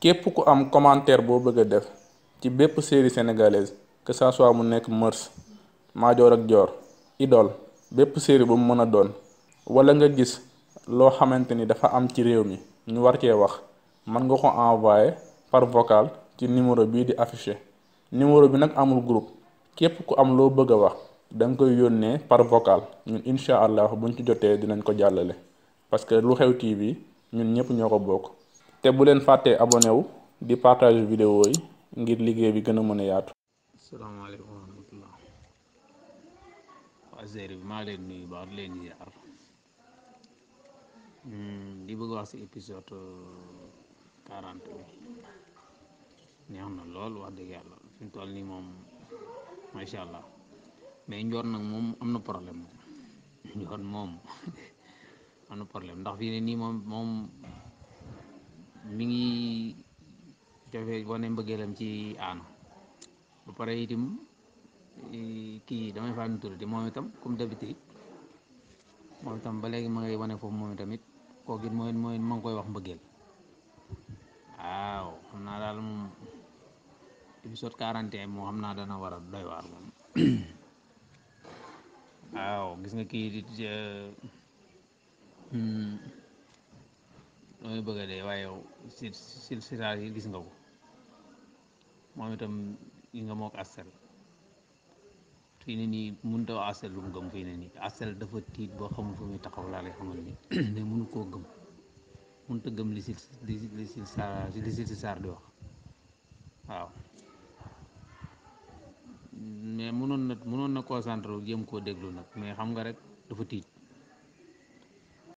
képp ku am commentaire boo bëgg a def ci bépp série sénégalaise que ça soit mu nekk Mœurs Madior ak Dior Idole bépp série bu mu mën a doon wala nga gis loo xamante ni dafa am ci réew mi ñu war cee wax mën nga ko envoyé par vocal ci numéro bii di affiché numéro bi nag amul group képp ku am loo bëgg a wax da nga koy yónnee par vocal ñun incha allah buñ ci jotee dinañ ko jàllale parce que lu xew TV ñun ñëpp ñoo ko bokk. bu leen fàttee abonné wu di partage vidéo yi ngir liggéey bi gën a mën a yaatu. asalaamaaleykum wa maa leen nuyu baax leen yaar hmm, di bëgg wax si épisode neex na lool wax dëgg yàlla fi mu toll nii moom macha allah mais njoor nag moom am na problème moom moom am na problème ndax fii ne nii moom moom. dafay wane mbëggeelam ci aanu ba pare itam kii damay faa nu tuddati moom itam comme d'habitude moom itam ba léegi ma ngay wane foofu moom itamit kooku it mooy mooy ma ngi koy wax mbëggeel waaw xam naa daal moom épisode 41 moo xam naa dana war a doy waar moom waaw gis nga kii di euh, hmm, damay bëgg a dee waaye yow si si sitaar yi gis nga ko moom itam yi nga mook astel fii ne nii mënut a wax astel lu gëm fii ne nii astel dafa tiit boo xamul fu muy taxaw laa lay xamal ni mais mënu koo gëm mënut a gëm li si li si li si saar li si saar di wax waaw mais mënoon na mënoon na concentré wu jéem koo déglu nag mais xam nga rek dafa tiit.